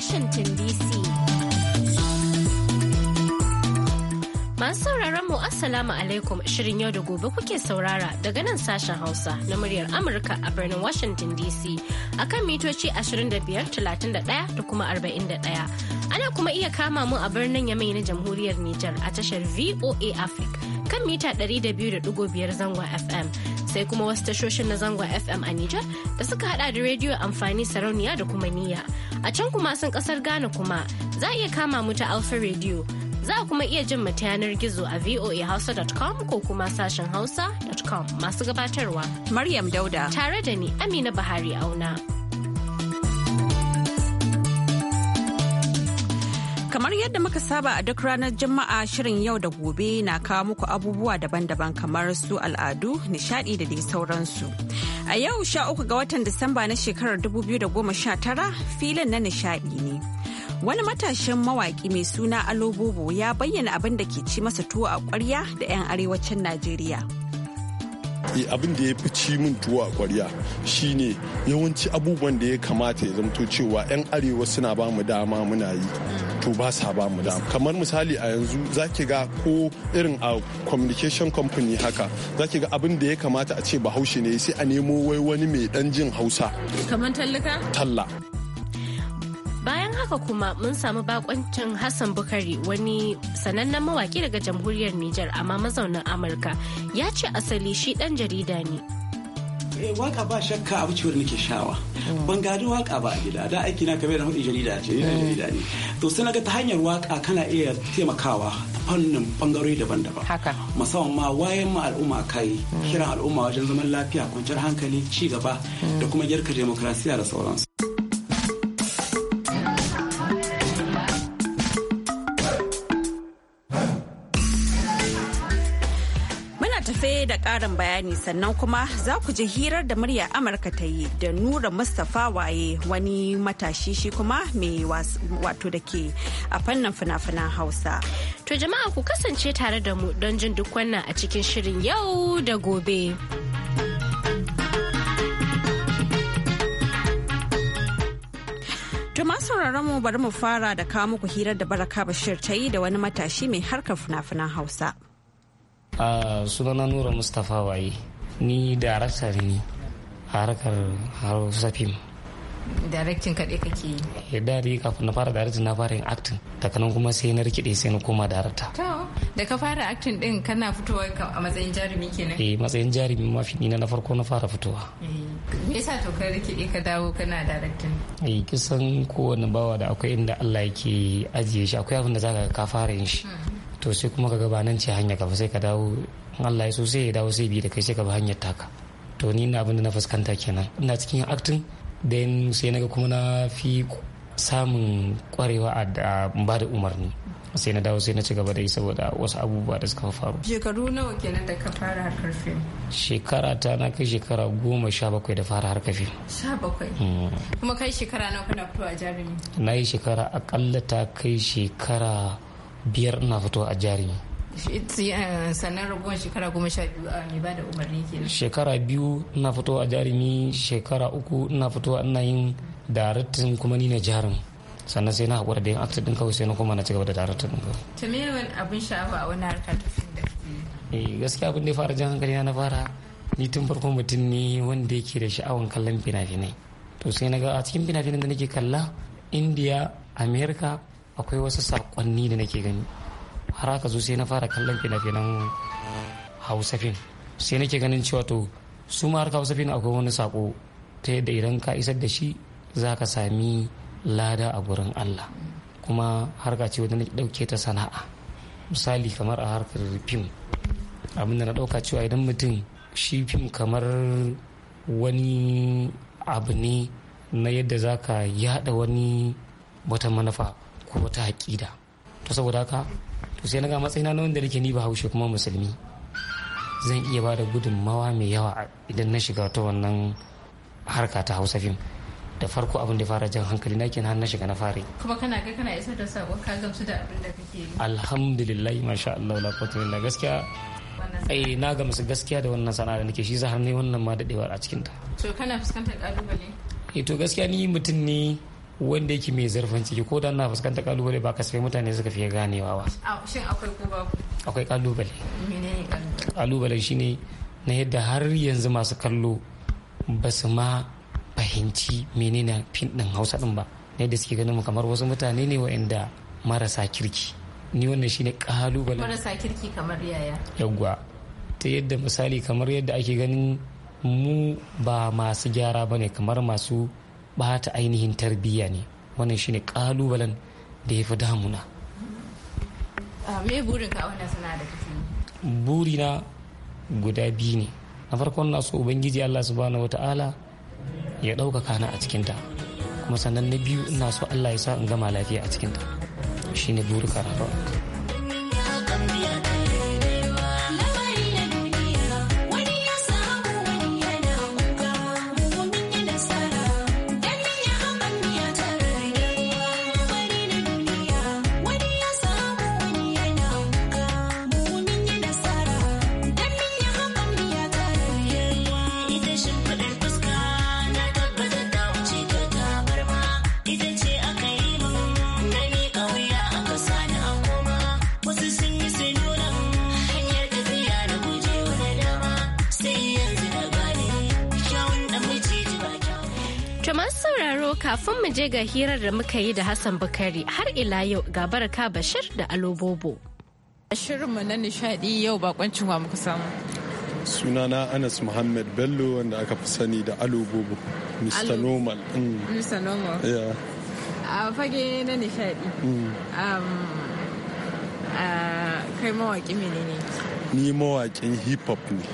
Washington DC. Masu sauraron mu Assalamu alaikum shirin yau da gobe kuke saurara daga nan sashen Hausa na muryar Amurka a birnin Washington DC akan mitoci 25,31 da kuma 41. Ana kuma iya kama mu a birnin Yamai na Jamhuriyar Nijar a tashar VOA Africa kan mita 200.5 zangon FM. sai kuma wasu tashoshin na zangon FM a niger da suka hada da rediyo amfani sarauniya da kuma niyya. A can kuma sun kasar Ghana kuma za a iya kama mu ta alfa rediyo Za a kuma iya jin mu ta yanar gizo a voahausa.com ko kuma sashen hausa.com masu gabatarwa. Maryam Dauda. Tare da ni Amina Bahari Auna. Kamar yadda muka saba a duk ranar Juma'a shirin yau da gobe na kawo muku abubuwa daban-daban kamar su al'adu, nishadi da dai sauransu. A yau sha uku ga watan Disamba na shekarar 2019 filin na nishadi ne. Wani matashin mawaƙi mai suna Alobobo ya bayyana abin da ke ci masa tuwo a ƙwarya da 'yan arewacin Najeriya. Eh, abin da ya fi ci min tuwo a kwarya shine yawanci abubuwan da ya kamata ya zamto cewa 'yan arewa suna ba mu dama muna yi to ba sa ba mu dama kamar misali a yanzu za ki ga ko irin a communication company haka za ki ga abin da ya kamata a ce bahaushe ne sai a nemo wai wani mai dan jin hausa kamar tallaka talla bayan haka kuma mun samu bakoncin hassan bukari wani sanannen mawaki daga jamhuriyar niger amma mazaunin amurka ya ce asali shi dan jarida ne eh waka ba shakka abu ciwar nake shawa mm. ban gadi waka ba a gida da aiki na kamar da hudu jarida ce mm. jarida ne to sai naga ta hanyar waka kana iya taimakawa fannin bangarori daban-daban musamman ma wayan ma al'umma kai mm. kiran al'umma wajen zaman lafiya kwanciyar hankali ci gaba da kuma girka demokrasiya da sauransu ƙarin bayani sannan kuma za ku ji hirar da murya Amurka ta yi da Nura Mustapha Waye wani matashi shi kuma mai wato da ke a fannin fina-finan Hausa. To jama'a ku kasance tare da mu don jin duk wannan a cikin shirin yau da gobe. To sauraron mu bari mu fara da kawo muku hirar da Baraka Bashir ta yi da wani matashi mai harkar fina-finan Hausa. sunana nura mustapha waye ni darakta ne a harkar hausa fim directing kaɗai kake yi ya eh, dari kafin na fara directing na fara yin acting daga nan kuma sai na rikide sai na koma darakta da ka fara acting din kana fitowa a matsayin jarumi kenan eh matsayin jarumi mafi nina na farko na fara fitowa eh, me yasa to ka rikide ka dawo kana directing eh kisan kowane bawa da akwai inda Allah yake ajiye shi akwai abin da zaka ka fara yin shi hmm. to sai kuma ka gaba nan ce hanya kafa sai ka dawo in Allah ya so sai ya dawo sai bi da kai sai ka ba hanyar taka to ni ina abin da na fuskanta kenan ina cikin actin. then sai naga kuma na fi samun kwarewa a ba da umarni sai na dawo sai na ci gaba da yi saboda wasu abubuwa da suka faru shekaru nawa kenan da ka fara harkar fim shekara ta na kai shekara goma sha bakwai da fara harkar fim sha bakwai mm. kuma kai shekara nawa kana fito a jarumi na yi shekara akalla ta kai shekara biyar ina fito a jarumi eh, sannan raguwan shekara goma sha biyu a ah, mai bada umarni kenan shekara biyu ina fito a jarumi shekara uku ina fito ina yin daratin kuma ni ne jarin sannan sai na haƙura da yin aktin din kawai sai na koma na cigaba da daratin din kawai ta me abin sha'awa a wani harkar da fim da eh, gaskiya abin da ya fara jan hankali na fara ni tun farko mutum ne wanda yake da sha'awan kallon fina-finai to sai na ga a cikin fina-finan da nake kalla indiya america akwai wasu sakonni da nake gani har aka zo sai na fara kallon fina-finan hausa fin sai nake ganin cewa to su ma harka hausa fin akwai wani sako ta yadda idan ka isar da shi za ka sami lada a gurin allah kuma harka ce wadda na ɗauke ta sana'a misali kamar a harkar fim abin da na ɗauka cewa idan mutum shi fim kamar wani abu ne na yadda za ka yada wani wata manufa ko ta haƙida to saboda haka to sai na ga matsayina na wanda nake ni ba haushe kuma musulmi zan iya ba da gudunmawa mai yawa idan na shiga ta wannan harka ta hausa fim da farko abin da fara jan hankali na kenan na shiga na fare kuma kana ga kana isa da sabo ka gamsu da abin da kake yi alhamdulillah masha Allah la quwwata illa gaskiya ai eh, na gamsu gaskiya da wannan sana'a da nake shi za har ne wannan ma dadewa a cikin ta to kana fuskantar kalubale eh to gaskiya ni mutum ne wanda yake mai zarfin ciki ko da na fuskantar kalubale ba kasafai mutane suka fiye ganewa ba akwai kalubale kalubale shi shine na yadda har yanzu masu kallo ba su ma fahimci menene fin din hausa din ba na yadda suke ganin kamar wasu mutane ne wa'anda marasa kirki ni wannan shine kalubale marasa kirki kamar yaya yagwa ta yadda misali kamar yadda ake ganin mu ba masu gyara ne kamar masu ta ainihin tarbiyya ne wannan shine kalubalen da ya fi damuna ah, me burinka wannan suna da burina guda biyu ne na farkon na so ubangiji allah subhanahu wata'ala ya ɗaukaka na a cikinta kuma sannan na biyu ina so allah ya sa in gama lafiya a cikinta shine burin karatu kafin mu je ga hirar da muka yi da Hassan Bukari har ila yau ga baraka Bashir da Alobobo. Shirinmu na nishadi yau bakoncin wa muka samu. sunana anas muhammad bello wanda aka fi sani da Alobobo mr normal mr mm. normal yeah a fage na nishadi mm. kai mawaki mene ne ni mawaƙin hip hop ne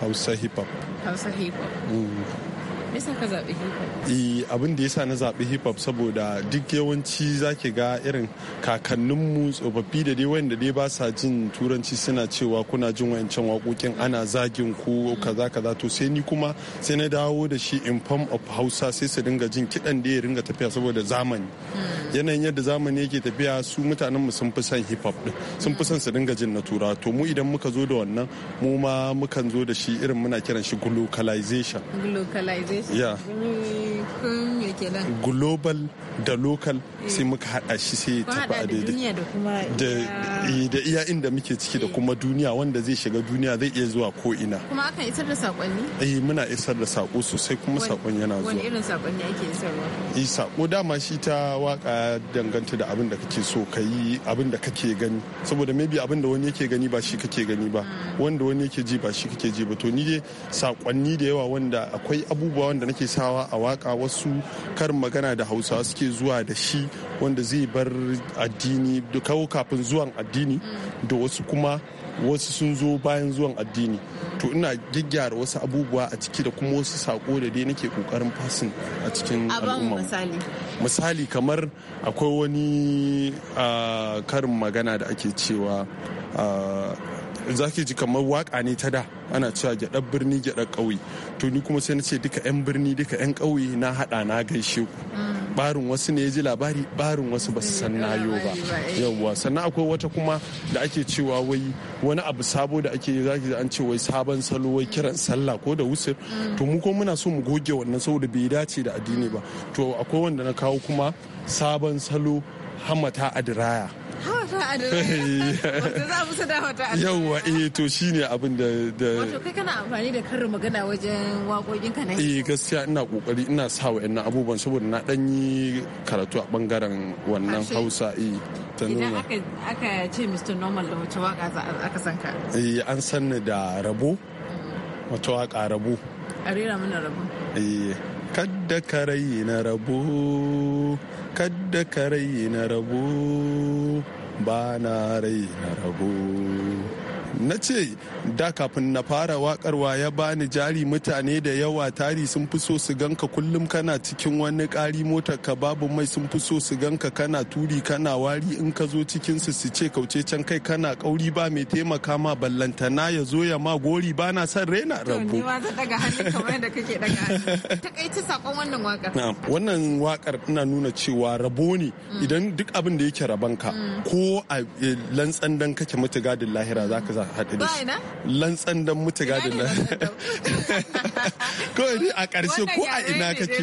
hausa hip hop hausa hip hop mm. Bisa ka zaɓi hip hop? E, abin da yasa na zaɓi hip hop saboda duk yawanci zaki ga irin kakanninmu tsofaffi da dai wanda dai ba sa jin turanci suna cewa kuna jin wayancan waƙoƙin ana zagin ku kaza kaza to sai ni kuma sai na dawo da shi in form of Hausa sai su dinga jin kiɗan da ya ringa tafiya saboda zamani. Hmm. Yanayin yadda zamani yake tafiya su mutanen mu sun fi son hip hop din sun fi son su dinga jin na tura to mu idan muka zo da wannan mu ma mukan zo da shi irin muna kiran shi glocalization. Glocalization. space yeah. global da local eh. sai muka hada shi sai ya tafi a daidai eh, da iya inda muke ciki da eh. kuma duniya wanda zai shiga duniya zai iya zuwa ko ina kuma akan isar da sakonni eh muna isar da sako sosai kuma sakon yana zuwa wani irin saƙonni ake isarwa Yi sako dama shi ta waka danganta da abin da kake so ka yi abin da kake gani saboda maybe abin da wani yake gani ba shi kake gani ba hmm. wanda wani yake ji ba shi kake ji ba to ni dai sakonni da yawa wanda akwai abubuwa wanda nake sawa a waka wasu karin magana da hausa suke zuwa da shi wanda zai bar addini da kawo kafin zuwan addini da wasu kuma wasu sun zo bayan zuwan addini to ina gyaggyara wasu abubuwa a ciki da kuma wasu sako da dai nake kokarin fasin a cikin al'umma misali kamar akwai wani ah, karin magana da ake cewa ah, za ki ji kamar waka ne ta da ana cewa gyaɗar birni gyaɗar ƙauye to ni kuma sai na ce duka 'yan birni duka 'yan ƙauye na haɗa na gaishe ku mm. barin wasu ne ya ji labari barin wasu ba su san na nayo ba yawwa sannan akwai wata kuma da ake cewa wai wani abu sabo da ake za ki an ce wai sabon salo wai kiran sallah ko da wusir mm. to mu ko muna so mu goge wannan saboda bai dace da addini ba to akwai wanda na kawo kuma sabon salo hamata adiraya yauwa eh to shi ne abin da da wato kai kana amfani da karin magana wajen waƙoƙin ka na eh gaskiya ina kokari ina sa wa'annan abubuwan saboda na dan yi karatu a bangaren wannan Hausa eh ta nuna idan aka ce Mr Normal da wace waka aka san ka eh an san da rabo mm. wata waka rabo a rera mana rabo eh kadda karai na rabu kadda ka na rabu ba na rai na rabu na ce da kafin na fara wakarwa ya bani jari mutane da yawa tari sun fi so su ganka kullum kana cikin wani ƙari motar ka babu mai sun fi so su ganka kana turi kana wari in ka zo cikin su su ce kauce can kai kana kauri ba mai taimaka ma ballantana ya zo ya ma gori ba na son rena rabu. Wannan wakar ina nuna cewa rabo ne mm. idan duk abin da yake rabanka mm. ko a eh, lantsan dan kake mutu gadin lahira zaka za ka haɗu da shi lantsan dan mutu gadin nan kawai ne a ƙarshe ko a ina kake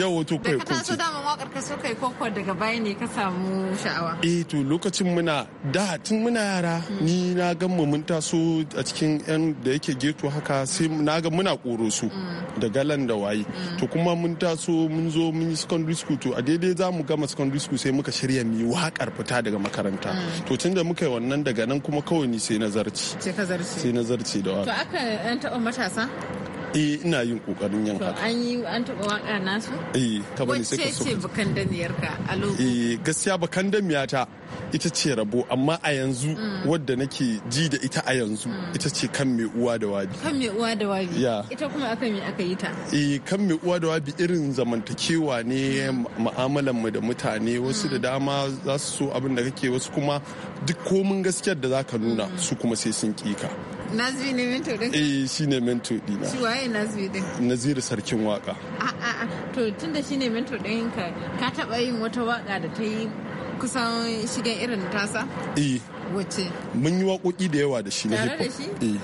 yau wato kai ko ce da ka waƙar ka so kai kokwa daga baya ne ka samu sha'awa eh to lokacin muna da tun muna yara ni na ga mun taso a cikin yan da yake geto haka sai na ga muna koro su da galan da waye to kuma mun taso mun zo mun yi secondary school to a daidai za mu gama secondary school sai muka shirya mu yi waƙar fita daga makaranta to tun da muka yi wannan daga nan kuma kawai ni sai na nazarci. sai nazarci sai na da wa. to aka yan taɓa matasa eh ina yin kokarin yin haka an yi an taba waka nasu eh ta bani sai ka so ce bakandaniyar ka a lokacin eh gaskiya bakan ta ita ce rabo amma a yanzu mm. wadda nake ji da ita a yanzu mm. ita ce kan mai uwa da wabi kan mai uwa da wabi ita kuma aka mai aka yi ta eh kan mai uwa da wabi irin zamantakewa ne mu'amalan mu da mutane wasu da mm. dama za su so abin da kake wasu kuma duk komin gaskiyar da zaka nuna su kuma sai sun kika Nazbi ne mento din? Eh shi ne mento dina. Shi waye Nazbi din? Naziru sarkin waka. A'a to tunda shi ne mento din ka ka taba yin wata waka da ta yi kusan shigen irin tasa? Eh. Wace? Mun yi waƙoƙi da yawa da shi na hip hop. Tare da shi? Eh.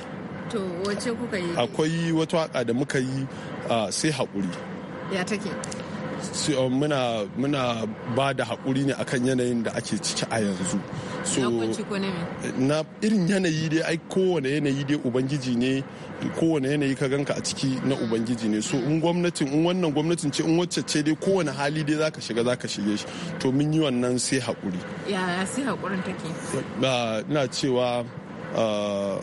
To wace kuka yi? Akwai wata waka da muka yi ah, sai haƙuri. Ya take? Uh, muna muna ba da haƙuri ne akan yanayin da ake ciki a yanzu so na irin yanayi dai ai kowane yanayi dai ubangiji ne kowane yanayi ka ganka a ciki na ubangiji ne so in gwamnatin in wannan gwamnatin ce in wacce ce dai kowane hali dai zaka shiga zaka shige shi to mun yi wannan sai haƙuri ya sai haƙurin take ina cewa uh,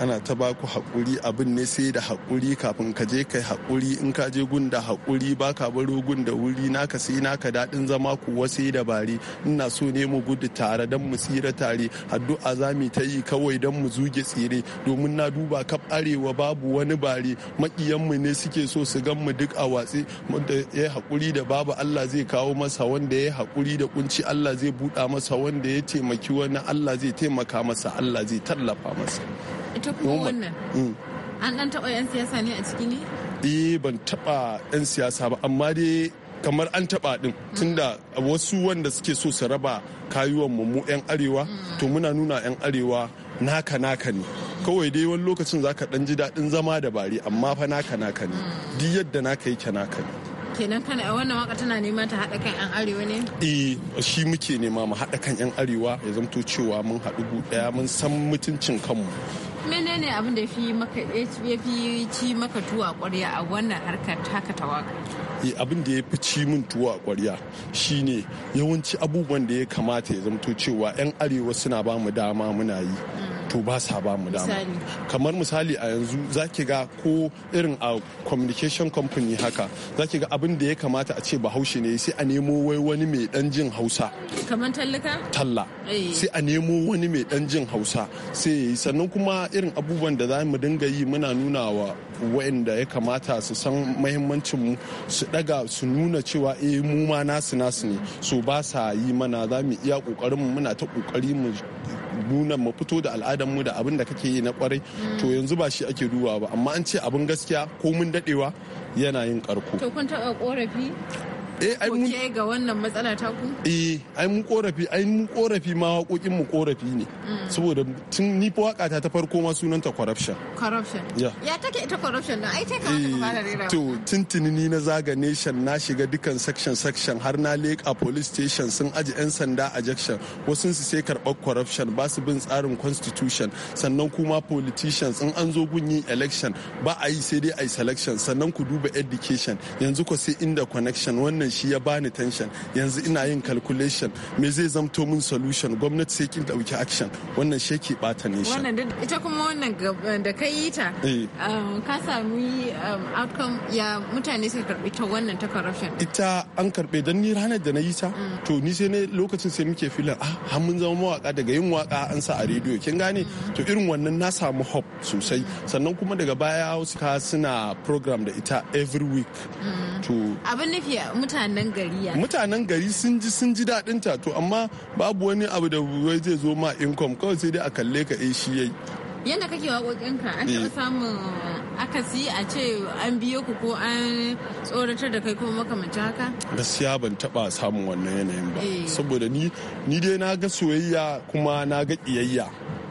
ana ta baku haƙuri abin ne sai da haƙuri kafin ka je kai haƙuri in ka je gun da haƙuri ba ka baro gun da wuri naka sai naka daɗin zama kuwa sai dabari ina so ne mu gudu tare don mu tsira tare addu'a za mu ta yi kawai don mu zuge tsire domin na duba kaf arewa babu wani bare maƙiyanmu ne suke so su gan mu duk a watsi wanda ya haƙuri da babu Allah zai kawo masa wanda ya haƙuri da kunci Allah zai buɗa masa wanda ya taimaki wani Allah zai taimaka masa Allah zai tallafa masa. ita kuma wannan mm. an dan taɓa 'yan siyasa ne a ciki ne? eh ban taɓa 'yan siyasa ba amma dai kamar an taɓa din. tunda wasu wanda suke so su raba kayuwan mu mu 'yan arewa mm. to muna nuna 'yan arewa naka naka ne kawai dai wani lokacin za ka ɗan ji daɗin zama da bari amma fa naka naka ne mm. duk yadda naka yake naka ne kenan kana a wannan waka tana nema ta haɗa kan 'yan arewa ne? eh shi muke nema mu haɗa kan 'yan arewa ya zamto cewa mun haɗu ɗaya mun san mutuncin kanmu menene abin da fi maka ya fi ci maka tuwa kwarya a wannan harkar ta tawaka eh, abin da ya fi ci min tuwa kwarya shine yawanci abubuwan da ya kamata ya zamto cewa 'yan arewa suna ba mu dama muna yi to ba sa ba mu dama kamar misali a yanzu za ki ga ko irin a communication company haka za ki ga abin da ya kamata a ce bahaushe ne sai a nemo wai wani mai dan jin hausa kamar tallaka talla eh. sai a nemo wani mai dan jin hausa sai sannan kuma irin abubuwan da za mu dinga yi muna nuna wa waɗanda ya kamata su san mahimmancin mu su daga su nuna cewa eh mu ma nasu nasu ne su ba sa yi mana za mu iya kokarin mu muna ta kokari mu nuna mu fito da al'adar mu da abin da kake yi na kwarai to mm. yanzu ba shi ake duba ba amma an ce abin gaskiya ko mun dadewa yana yin karko to kun taba korafi eh ai mun ga wannan matsala ta ku eh ai mun korafi ai mun korafi ma waƙoƙin mu korafi ne mm. saboda tun ni fa waka ta ta farko ma sunanta corruption corruption ya take ita corruption da ai take ka eh, fara rera to tuntuni ni na zaga nation na shiga dukkan section section har na leka police station sun aji yan sanda a Jackson wasu su sai karɓar corruption ba su bin tsarin constitution sannan kuma politicians in an zo gun yin election ba a yi sai dai a yi selection sannan ku duba education yanzu ku sai inda connection wannan nan shi ya bani tension yanzu ina yin calculation me zai zamto mun solution gwamnati sai kin dauki action wannan shi ke bata ne shi wannan ita kuma wannan eh, da ka yi ta eh. um, ka samu um, outcome ya mutane sai karbi ta wannan ta corruption ita an karbe dan ni ranar da na yi ta mm. to ni sai ne lokacin sai muke filin ah har mun zama mawaka daga yin waka an sa a rediyo kin gane mm. to irin wannan na samu hope sosai sannan kuma daga baya wasu ka suna program da ita every week mm. to abin nufi mutane mutanen gari ya mutanen gari sun ji sun ji daɗin ta to amma babu wani abu da wai zai zo ma income kawai sai dai a kalle ka eh shi yayi yadda kake waƙoƙinka an taɓa eh. samun akasi a ce an biyo ku ko an tsoratar da kai kuma makamancin haka gaskiya ban taɓa samun wannan yanayin ba eh. saboda ni ni dai na ga soyayya kuma na ga ƙiyayya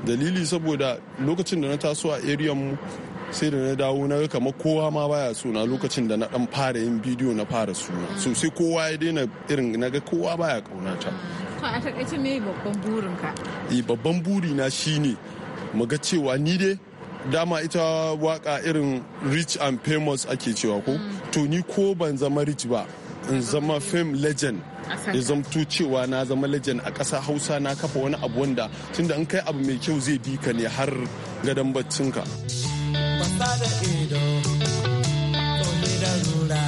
dalili saboda lokacin da na taso a area mu sai da na dawo na kamar kowa ma baya suna lokacin da na dan fara yin bidiyo na fara suna so sai kowa ya daina irin na ga kowa baya kaunata to a me babban burin ka eh babban buri na shine mu ga cewa ni dai dama ita waka irin rich and famous ake cewa ko mm. to ni ko ban zama rich ba in zama film legend ya zamto cewa na zama legend a ƙasa hausa na kafa wani abu wanda tunda in kai abu mai kyau zai bi ka ne har gadon baccinka. ka da ido da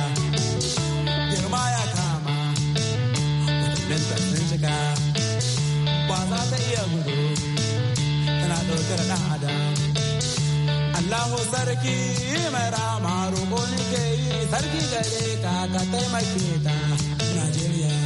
girma ya kama ta ɗan Allahu sarki mai rama roƙo ke yi sarki gare ka ka taimake ta Najeriya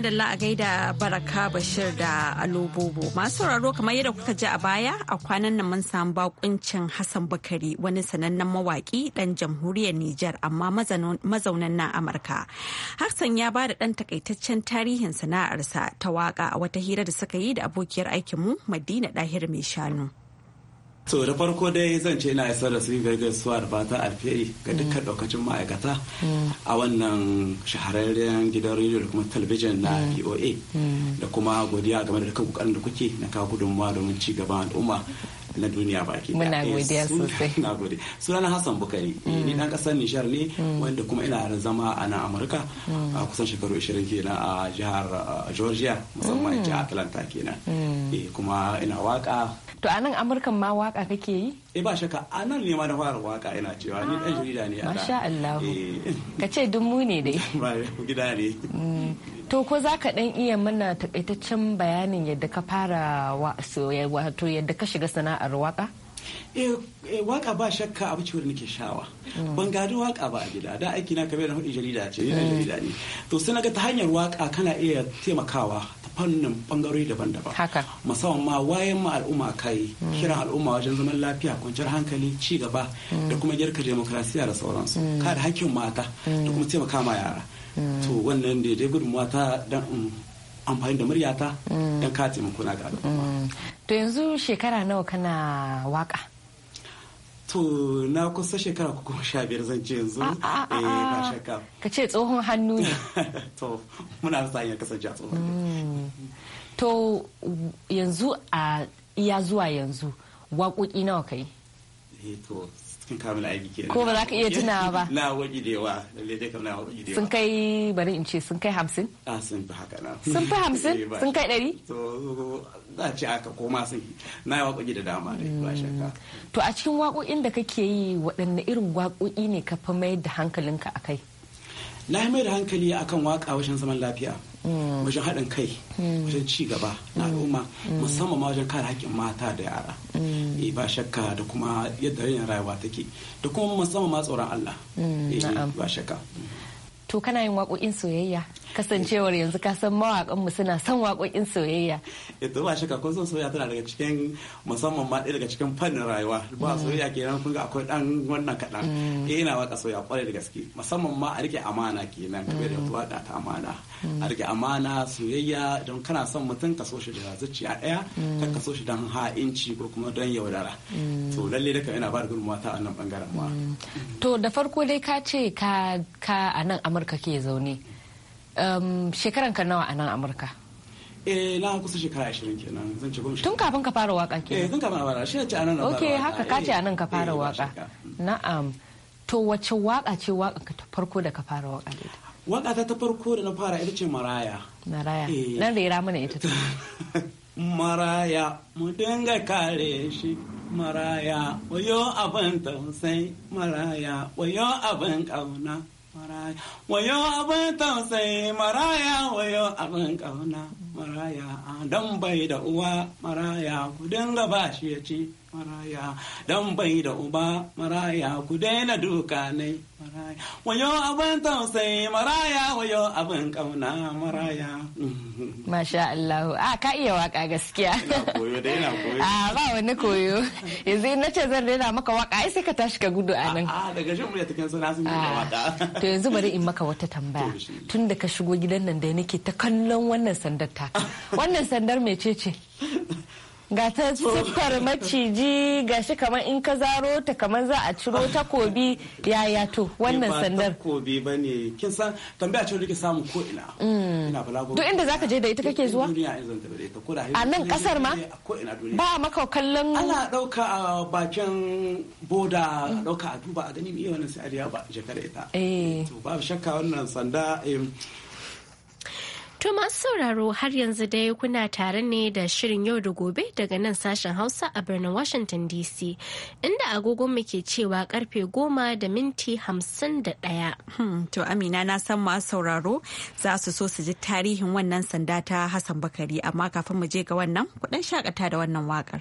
madalla a gaida baraka bashir da alobobo masu sauraro kamar yadda kuka ji a baya a kwanan nan mun samu bakuncin hassan bakari wani sanannen mawaki dan jamhuriyar nijar amma mazaunan nan amurka hassan ya ba da dan takaitaccen tarihin sana'arsa ta waka a wata hira da suka yi da abokiyar aikinmu madina dahir mai shanu so da farko dai zan ce ina isar da su gaisuwa da fata alferi ga dukkan daukacin ma'aikata a wannan shahararren gidan rediyo da kuma talabijin na voa mm. mm. da kuma godiya game da dukkan kokarin da kuke na kawo gudunmawa domin ci gaban al'umma na duniya baki muna godiya sosai na gode sunana hassan bukari eh, ni dan kasar nishar ne mm. wanda kuma ina zama a nan amurka mm. a kusan shekaru 20 kenan a jihar georgia musamman mm. jihar atlanta kenan eh, kuma ina waka to a nan amurkan ma waka kake yi eh ba shakka a nan ne ma na fara waka ina cewa ni dan jarida ne a masha Allah eh. ka ce dummu ne dai ba gida ne To ko za ka ɗan iya mana takaitaccen bayanin yadda ka fara wato yadda ka shiga sana'ar waka? Eh, eh, waka ba shakka abu ce wanda nake shawa mm. ban gadi waka ba a gida da aiki na kamar da hudu jarida ce yana mm. jarida ne to sai na ga ta hanyar waka kana iya taimakawa ta fannin bangarori daban-daban musamman ma wayan ma al'umma kai mm. kiran al'umma wajen zaman lafiya kwanciyar hankali ci gaba da kuma girka demokrasiya da sauransu Ka da hakkin mata da kuma taimakawa yara Mm. to wannan daidai gudunmuwa ta dan amfani da muryata mm. dan ka taimako na ga mm. to yanzu shekara nawa kana waka to na kusa shekara kuma sha biyar zan ce yanzu ah, ah, ah, eh, ba shakka ka ce tsohon hannu ne to muna sa iya kasance a tsohon to yanzu a iya zuwa yanzu waƙoƙi nawa kai eh, to sun kamun aiki ke ko ba za ka iya tuna ba na waje da yawa lalle dai kam na waje da yawa sun kai bari in ce sun kai hamsin a ah, sun fi haka na sun fi hamsin eh, sun kai ɗari to za a ce aka koma sun na yi waƙoƙi da dama dai ba hmm. shakka to a cikin waƙoƙin da kake yi waɗanne irin waƙoƙi ne ka fi mayar da hankalinka a kai na mai da hankali akan waƙa wajen zaman lafiya Mm. wajen haɗin kai mm. wajen ci gaba na mm. al'umma musamman ma wajen kare haƙƙin mata da yara eh, ba shakka da kuma yadda yanayin rayuwa take da kuma musamman ma tsoron Allah eh, ba shakka to kana yin waƙoƙin soyayya kasancewar yanzu ka san mu suna son waƙoƙin soyayya Ita eh, ba shak'a kun san soyayya tana daga cikin musamman ma daga cikin fannin rayuwa ba mm. soyayya kenan kun ga akwai dan wannan kaɗan mm. eh ina waka soyayya kwarai da gaske musamman ma a rike amana kenan kamar da mm. waƙa ta amana a rike amana soyayya don kana son mutum ka so shi da zuciya daya ka ka so shi don ha'inci ko kuma don yaudara to lalle da ina ba da gudunmawa ta a nan bangaren ma to da farko dai ka ce ka a nan amurka ke zaune um, shekaran ka nawa a nan amurka eh na kusa shekara 20 kenan zan ce goma tun kafin ka fara waka kenan eh tun kafin a fara shi ce anan na fara okay haka ka ce anan ka eh, fara waka mm. na'am to wace waka ce waka ka ta farko da ka fara waka da waka ta ta farko da na fara ita ce maraya maraya eh. nan rera mana ita maraya mu dinga kare shi maraya wayo abin tausayi maraya wayo abin kauna wayo abin tausayi maraya wayo abin kauna maraya don bai da uwa maraya ku gaba ba shi ya ce maraya dan bai da uba maraya ku daina duka ne maraya wayo abin tausayi maraya wayo abin kauna maraya masha Allah a ah, ka iya waka gaskiya koyo koyo a ah, ba wani koyo yanzu na ce zan daina maka waka ai sai ka tashi ka gudu a nan a daga shin murya takan sana sun daina ah, waka to yanzu bari in maka wata tambaya tun da ka shigo gidan nan da nake ta kallon wannan sandar ta wannan sandar mecece ga ta siffar maciji ga shi kamar in ka zaro ta kamar za a ciro takobi yaya to wannan sandar kobi ba ne kin san tambaya ce rike samu ko ina mm. ina balago duk inda zaka je da ita kake zuwa a nan kasar ma ba maka kallon ana dauka a bakin boda dauka a duba a gani me wannan sai a ba jaka da ita eh. to babu shakka wannan sanda eh, To masu sauraro har yanzu dai kuna tare ne da shirin yau da gobe daga nan sashen Hausa a birnin Washington DC inda agogon mu ke cewa karfe goma da minti hamsin da ɗaya. Hmm, to Amina na san masu sauraro za su so su ji tarihin wannan sanda ta Hassan Bakari amma kafin mu je ga wannan kuɗin shakata da wannan waƙar.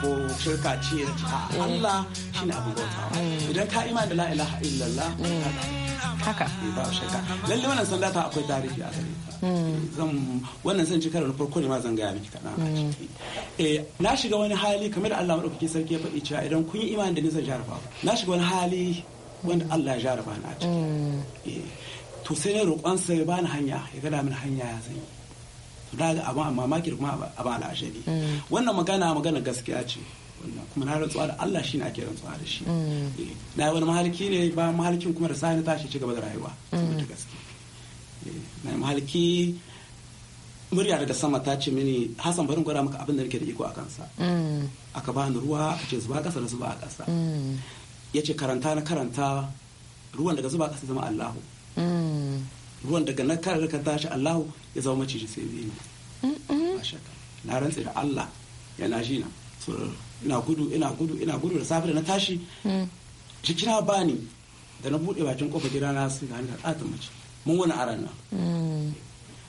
ko shirka ce Allah shi ne abin bautawa idan ka ima da la'ila illallah haka eh, ba shakka lalle wannan sanda ta akwai tarihi a gare ta hmm. zan wannan zan cikar karo na farko ne ma zan gaya miki kaɗan a hmm. ciki eh, na shiga wani hali kamar da Allah madaukaki sarki ya faɗi cewa idan kun yi imani da nisan jarafa na shiga wani hali wanda Allah ya jaraba na a ciki hmm. eh, to sai ne roƙonsa ya bani hanya ya gada min hanya ya zanyi. da ga abin mamaki da kuma abin al'ashari mm. wannan magana magana gaskiya ce kuma na rantsuwa da Allah shi ne ake rantsuwa da shi mm. eh, na yi wani mahalki ne ba mahalkin kuma da sani tashi ci gaba da rayuwa mm. eh, Na gaske na mahalki murya daga sama ta ce mini Hassan barin gwada maka abin da nake da iko a kansa aka bani ruwa a ce zuba kasa da zuba a kasa ya ce karanta na karanta ruwan daga zuba kasa zama Allahu ruwan daga na kare ka tashi Allahu ya zama maciji sai biyu na rantse da Allah ya shi na ina gudu ina gudu ina gudu da safe da na tashi mm. ba bani da na bude bakin kofa gida na su ga hannun katon mace mun wani a ranar mm.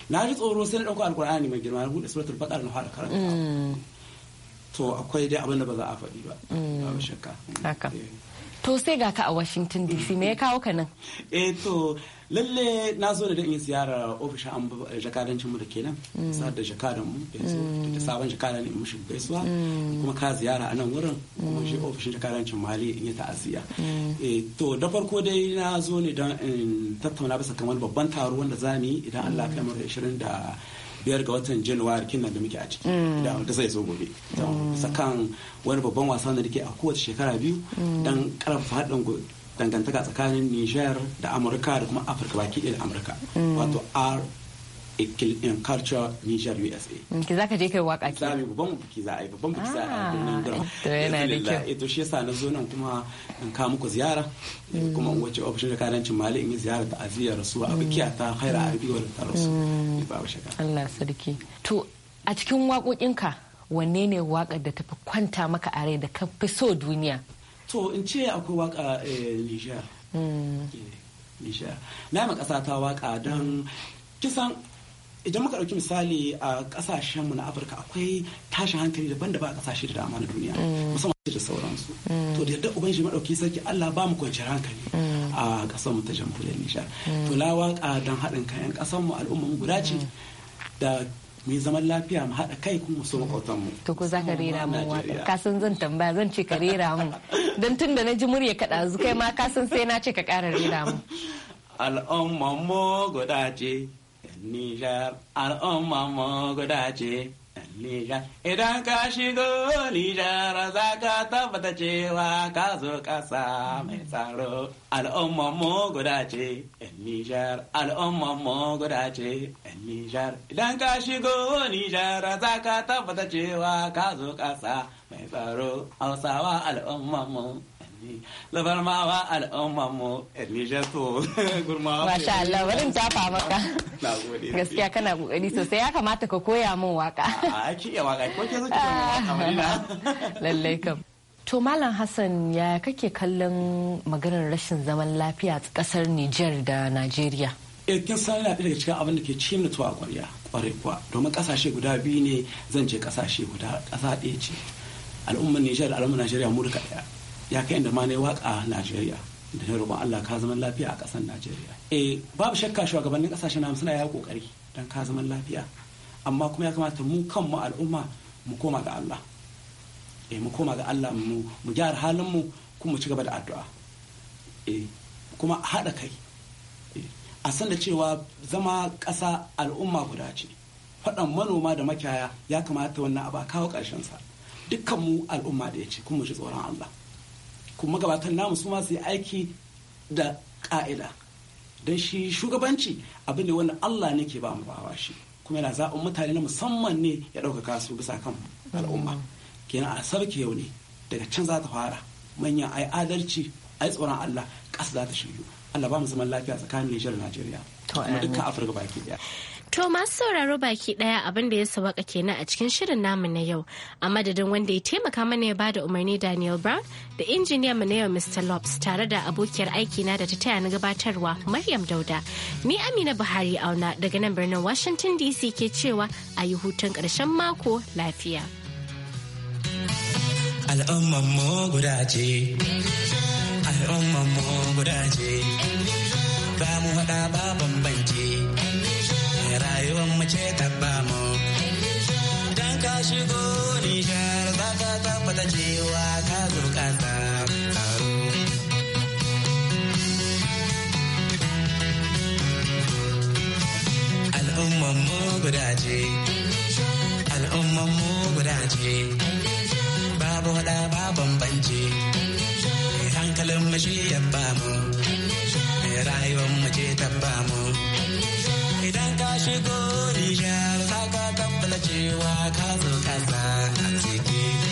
na ji tsoro sai na ɗauko alƙur'ani mai girma na bude suratul baƙar na fara karanta mm. to akwai dai abin da ba za a faɗi ba babu shakka eh. to sai ga ka a Washington DC me ya kawo ka nan eh to lalle na zo da in ziyara ofishin jakadancin mu da kenan mm. sa'ad da jakadan mu da mm. sabon jakadan in mushi gaisuwa mm. kuma ka ziyara a nan wurin kuma shi ofishin jakadancin mali in yi ta'aziyya eh, to da farko dai na zo ne don in tattauna bisa kamar babban taro wanda za mu yi idan Allah kai mu da 20 da biyar ga watan januwari kina da muke a ciki da zai zo gobe sakan wani babban wasan da ke a kowace shekara biyu Dan karfafa haɗin dangantaka tsakanin niger da amurka da kuma afirka baki ɗaya da amurka mm. wato r in culture Niger USA. Mm, ki za ka je kai waka ki. Zami babban biki za a yi babban biki za a yi birnin ah, Durham. To yana da kyau. Ito shi yasa na zo nan kuma in ka muku ziyara kuma in mm. wace ofishin da karancin mali in yi ziyara ta aziyar rasuwa a bikiya ta haira a biyuwar ta rasu. Allah sarki. To a cikin waƙoƙinka wanne ne waƙar da fi kwanta maka a rai da ka fi so duniya? To in ce akwai waka eh, nisha hmm. eh, nisha na ma ƙasa ta waka don kisan idan muka ɗauki misali a ƙasashenmu na afirka akwai tashin hankali daban da ba a ƙasashe da dama na duniya hmm. musamman da sauransu hmm. to da yadda ubangiji maɗauki sarki allah ba mu kwanciyar hankali a ƙasar mu ta jamhuriyar nishar to la waƙa don haɗin kayan ƙasar mu al'umma mu guda ce da mu yi zaman lafiya mu haɗa kai kuma su makwatan mu. To ko za ka rera mu wata ka san zan tambaya zan ce ka rera mu don tun da na ji murya ka ɗazu kai ma ka san sai na ce ka ƙara rera mu. Al'umma mu guda ce Nijar Al'umma mu guda ce Idan ka shigo Nijar za ka tabbata cewa ka zo ƙasa mai tsaro. Al'ummar mu guda ce ‘yan Nijar, al'ummar mu guda ce ‘yan Nijar. Idan ka shigo Nijar za ka tabbata cewa ka zo ƙasa mai tsaro. Hausawa al'ummar mu la barmawa al'umma mu eh, nijar to gurmawa masha Allah barin tafa maka gaskiya kana kokari sosai ya kamata ka koya min waka a ki iya waka ko ke zuci waka na. lalle kam to malam Hassan ya kake kallon maganar rashin zaman lafiya kasar Niger da Najeriya eh, kin san yana daga cikin abin da ke ci mutuwa a kwarya kwarai kuwa domin kasashe guda biyu ne zan ce kasashe guda kasa ɗaya ce al'ummar nijar da al'ummar najeriya mu duka ɗaya ya kai inda ma ne waka Najeriya da ya roƙon Allah ka zaman lafiya a ƙasar Najeriya eh babu shakka shugabannin ƙasashen namu suna ya kokari dan ka zaman lafiya amma kuma ya kamata mu kanmu al'umma mu koma ga Allah eh mu koma ga Allah mu mu gyara halin mu kuma mu ci gaba da addu'a eh kuma haɗa kai eh, a san da cewa zama ƙasa al'umma guda ce faɗan manoma da makiyaya ya kamata wannan abu a kawo ƙarshensa dukkanmu al'umma da ya ce kuma mu ji tsoron Allah kuma magabatan namu su ma su yi aiki da ka'ida don shi shugabanci abin da wanda Allah ne ke ba mu bawa shi kuma yana zaɓin mutane na musamman ne ya ɗaukaka su bisa kan al'umma kenan a sarki yau ne daga can za ta fara manyan ai adalci ai tsoron Allah ƙasa za ta shiryu Allah ba mu zaman lafiya tsakanin Nijar da Najeriya kuma dukkan Afirka baki ɗaya To masu sauraro baki daya abin da ya sawaka kenan a cikin shirin namu na yau a madadin wanda ya taimaka mana ya bada umarni Daniel Brown da injiniya mu na yau Mr. Lobs tare da abokiyar aiki na da ta taya na gabatarwa Maryam Dauda. Ni Amina Buhari auna daga nan birnin Washington DC ke cewa a yi hutun ƙarshen mako lafiya. Al'umman mu guda ce, mu guda ce, ba mu haɗa ba bambance. mace ce taɓa mu. Idan ka shigo Nijar za ka tabbata cewa ka zo ƙasa. Al'umman mu guda ce. Al'umman mu guda ce. Babu haɗa ba bambance. Hankalin mu shi ya bamu mu. Rayuwar mu ce taɓa mu. idan ka shigo Nijar, za ka kammala cewa ka zo kasa a